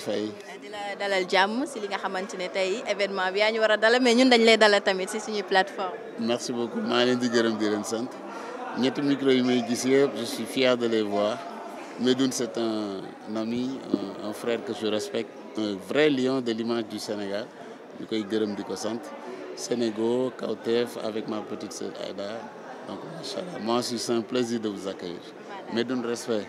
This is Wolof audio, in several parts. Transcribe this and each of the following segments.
fay. di la dalal jàmm si li nga xamante ne tey événement bi yaa ñu war a dalal mais ñun dañ lay dalal tamit si suñuy plateforme. merci beaucoup maa leen di gërëm di leen sant ñetti micro yi may gis si je suis fier de les voir Medoune c'est un ami un, un frère que je respecte un vrai lion de l'image du Sénégal ñu koy gërëm di ko sant Sénégo Kawtef avec ma petite sœur Aïda donc macha allah moi aussi c'est plaisir de vous accueillir Medoune respect.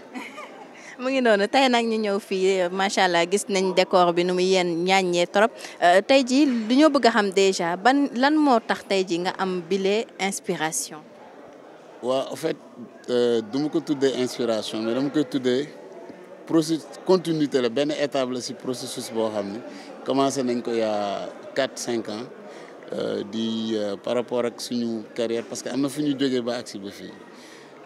mu ngi noonu tey nag ñu ñëw fii macha allah gis nañ décor bi nu mu yéen ñaaññee trop euh, tey jii du ñoo bëgg a xam déjà ban lan moo tax tey jii nga am bile inspiration. waaw en fait euh, du ma ko tuddee inspiration mais dama koy tuddee processus continuité la benn étape la processus boo xam ne commencé nañ ko yaa quatre cinq ans. Euh, di par rapport ak suñu carrière parce que am na fu ñu jógee ba agsi ba fii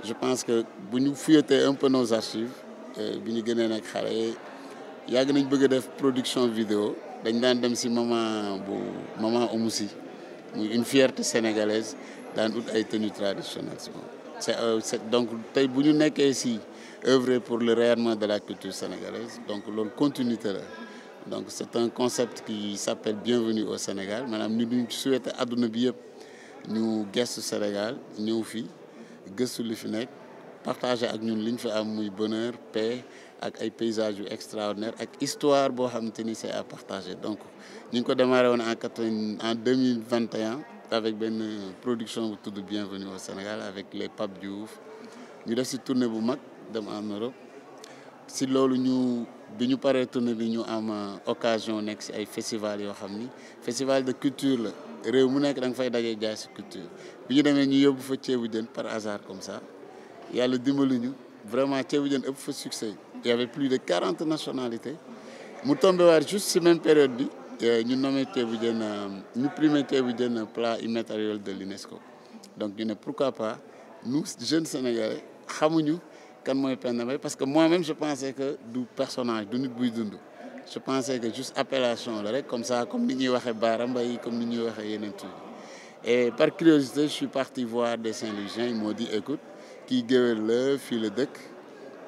je pense que bu ñu fuyatee un peu nos archives bi ñu gënee nekk xale yàgg nañ bëgg a def production vidéo dañ daan dem si maman bu maman Oumou Sy muy une fierté sénégalaise daan ut ay tenues traditionnelles si moom euh, c'est donc tey bu ñu nekkee si œuvrer pour le rayonnement de la culture sénégalaise donc loolu continuité la donc c'est un concept qui s'appelle bienvenue au Sénégal maanaam ñu duñ souhaité àdduna bi yëpp ñu gëstu Sénégal ñëw fi gëstu li fi nekk partagé ak ñun li ñu fi am muy bonheur paix ak ay paysage yu extraordinaire ak histoire boo xamante ni c'est à partager donc ñu ngi ko démarré woon en quatre en deux mille vingt avec benn production bu tudd bienvenue au Sénégal avec les Pape Diouf ñu def si tournée bu mag dem am Europe si loolu ñu bi ñu paree tournée bi ñu am occasion nekk si ay festival yoo xam ni festival de culture la réew mu nekk da nga fay dajee jaay si culture bi ñu demee ñu yóbbu fa ceebu jën par hasard comme ça yàlla dimbali ñu vraiment ceebu jën ëpp fa succès y avait plus de quarante nationalités mu tombé waar juste si même période bi euh, ñu nommé ceebu jën euh, ñu primé ceebu jën plat immatériel de l'UNESCO donc ñu ne pourquoi pas nous jeunes sénégalais xamuñu kan mooy Penda Mbaye parce que moi-même je pensais que du personnage du nit buy dund je pensais que juste appellation la rek comme ça comme ni ñuy waxee Baara Mbaye comme ni ñuy waxee yeneen tuuti et par curiosité je suis parti voir des saint les ils m'ont dit écoute kii géwél la fii la dëkk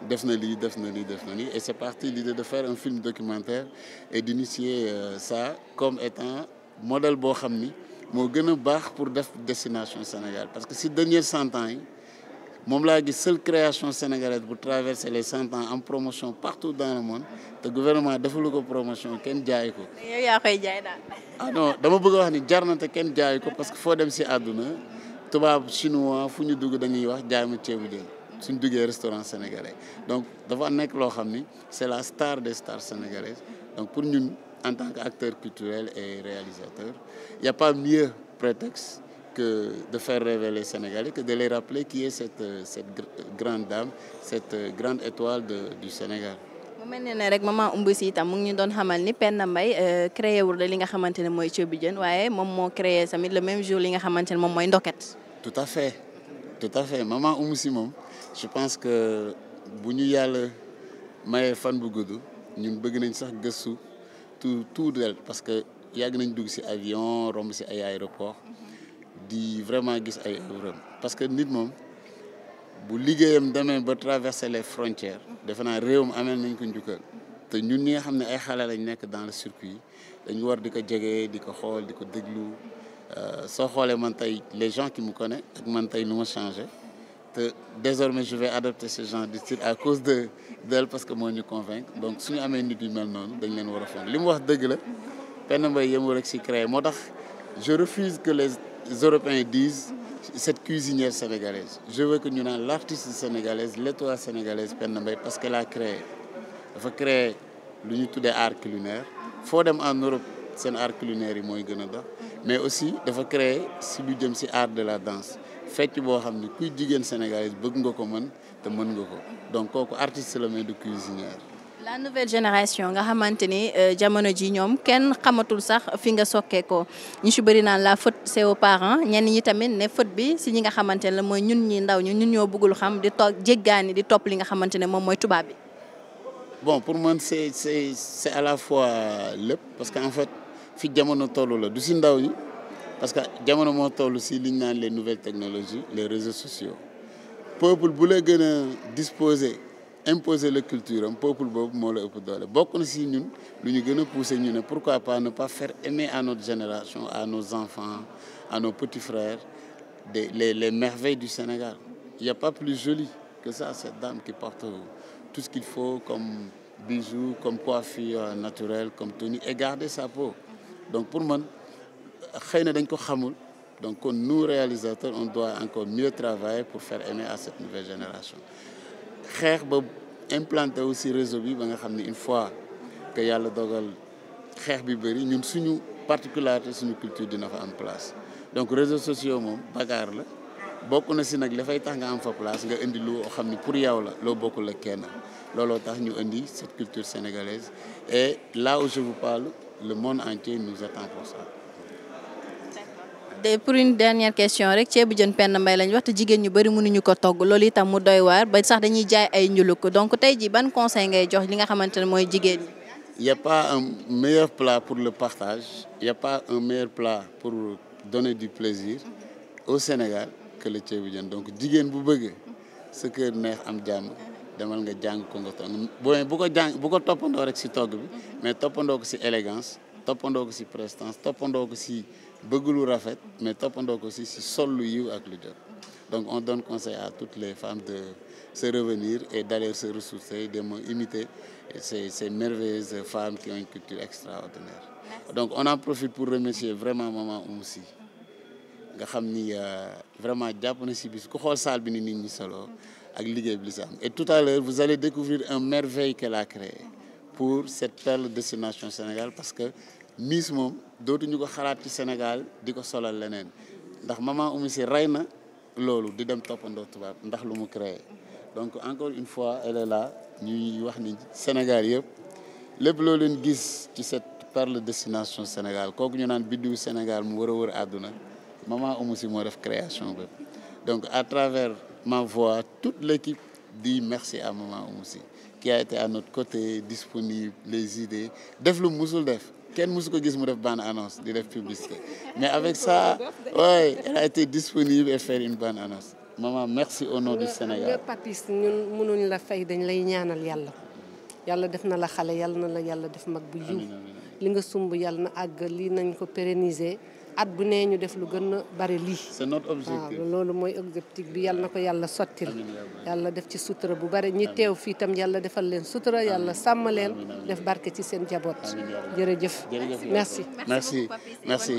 def na lii def na lii def na lii et c'est parti l'idée de faire un film documentaire et d'initier euh, ça comme étant modèle boo xam ni moo gën a baax pour def destination Sénégal parce que si dernier cent yi moom laa gis seule création sénégalaise bu traverser les cent ans en promotion partout dans le monde te gouvernement defalu ko promotion kenn jaay ko. yow yaa ah dama bëgg wax ni jar kenn jaay ko parce que foo dem si àdduna. tubaab chinois fu ñu dugg dañuy wax jaay ceebu jën suñ duggee restaurant sénégalais donc dafa nekk loo xam ni c'est la star des stars sénégalaises donc pour ñun en tant qu'acteur culturel et réalisateur il n'y a pas mieux prétexte que de faire rêver les Sénégalais que de les rappeler qui est cette grande dame cette euh, grande étoile de, du Sénégal mel ne ne rek maman umb si itam mu ngi ñu doon xamal ni Penda Mbaye euh, créé wul li nga xamante ne mooy ceebu jën waaye moom moo créé tamit le même jour li nga xamante ne moom mooy ndoket. tout à fait tout à fait maman umb si moom je pense que bu ñu yàlla mayee fan bu gudd ñun bëgg nañ sax gëstu tu tout de parce que yàgg nañ dugg si avion romb si ay aéroport di vraiment gis ay œuvre parce que nit moom. bu liggéeyam demee ba traverser les frontières defe naa réewam ameel nañ ko njukkal te ñun ñi nga xam ne ay xale lañ nekk dans le circuit dañu war di ko jege di ko xool di ko déglu euh, soo xoolee man tey les gens qui me connaissent man tey lu ma changé te désormais je vais adopter ce genre de style à cause de d'elle parce que moo ñu convaincre donc suñu amee nit yu mel noonu dañ leen war a fon li mu wax dëgg la Penda Mbaye yëngu rek si créé moo tax je refuse que les Européens disent cette cuisinière sénégalaise je veux que ñu naan l'artiste sénégalaise l'étoile sénégalaise Penda mbay parce qu'elle la créé dafa créer lu ñu tuddee art culinaire foo dem en Europe seen art culinaire yi mooy gën a dox mais aussi dafa créé si lu jëm si art de la danse fecc boo xam ne kuy jigéen sénégalaise bëgg nga ko mën te mën nga ko donc kooku artiste la mais du cuisinière la nouvelle génération nga xamante ni euh, jamono ji ñoom kenn xamatul sax fi nga sokkee ko ñu si bëri naan la faute c'est aux parents ñenn ñi tamit ne faute bi si ñi nga xamante ne la mooy ñun ñi ndaw ñu ñun ñoo bëggul xam di toog jéggaani di topp li nga xamante ne moom mooy tubaab bi. bon pour man c'est c'est c'est à la fois lépp parce que en fait fi jamono toll la du si ndaw ñi parce que jamono moo toll si li ñu naan les nouvelles technologies les réseau sociaux peuple bu la gën a disposer. imposer la culture am peuple boobu moo la ëpp doole bokk na si ñun lu ñu gën a pousser ne pourquoi pas ne pas faire aimer à notre génération à nos enfants à nos petits frères des les les merveilles du Sénégal il y a pas plus joli que ça cette dame qui porte tout ce qu'il faut comme bijoux comme coiffure naturelle comme tenue et garder sa peau donc pour man xëy na dañ ko xamul donc nous réalisateurs on doit encore mieux travailler pour faire aimer à cette nouvelle génération xeex ba implanté si réseau bi ba nga xam ne une fois que yàlla dogal xeex bi bëri ñun suñu particularité suñu culture dina fa am place donc réseau sociaux moom bagaar la bokk na si nag li fay tax nga am fa place nga indi lu oo xam ni pour yow la loo bokkul ak kenn looloo tax ñu indi cette culture sénégalaise et là où je vous parle le monde entier nous attend pour ça de pour une dernière question rek ceebu jën Penda Mbaye lañ wax te jigéen ñu bëri mënuñu ko togg loolu itam mu doy waar ba sax dañuy jaay ay njuluk donc tey ji ban conseil ngay jox li nga xamante ne mooy jigéen ñi. y a pas un meilleur plat pour le partage y pas un meilleur plat pour donner du plaisir au Sénégal que le ceebu jën donc jigéen bu bëgg sa kër neex am jàmm. demal nga jàng ko nga togg booy bu ko bu ko toppandoo rek ci togg bi mais toppandoo ko si élégance toppandoo ko ci prestance toppandoo ko ci bëgg lu rafet mais toppandoo ko si si sol lu yiw ak lu jot donc on donne conseil à toutes les femmes de se revenir e d'aller se ressourcer de m'imiter ces ces merveilleuses femmes qui ont une culture extraordinaire donc on en profite pour remercier vraiment maman Oumou nga xam ni euh, vraiment jàpp na si bis ku xool salle bi ni nit ñi solo ak liggéey bi li si tout à l'heure vous allez découvrir un merveille qu'elle a créé pour cette perle destination Sénégal parce que Miss moom dootuñu ko xalaat ci Sénégal di ko solal leneen ndax maman Oumou Sy rey na loolu di dem toppandoo tubaab ndax lu mu créer donc encore une fois elle est là ñuy wax ni Sénégal yëpp lépp loo leen gis ci cette perle destination Sénégal kooku ñu naan biddiwu Sénégal mu wër a wër àdduna maman Oumou Sy moo def création bépp donc à travers ma voix toute l'équipe dit merci à maman Oumou Sy qui a été à not côté disponible les idées def lu musul def kenn musu ko gis mu def ban annonce di def publicité mais avec ça ouais elle a été disponible et faire une bande annonce maman merci au nom du Sénégal. nga papis ñun mënuñ la fay dañ lay ñaanal yàlla yàlla def na la xale yàlla na la yàlla def mag bu yiw li nga sumb yàlla na àgg lii nañ ko pérenniser at bu nee ñu def lu gën a bari lii. waaw loolu mooy objectif bi yàlla na ko yàlla sottil. yàlla def ci sutura bu bari ñi teew fii tam yàlla defal leen sutura yàlla sàmm leen def barke ci seen jaboot. jërëjëf. merci merci merci.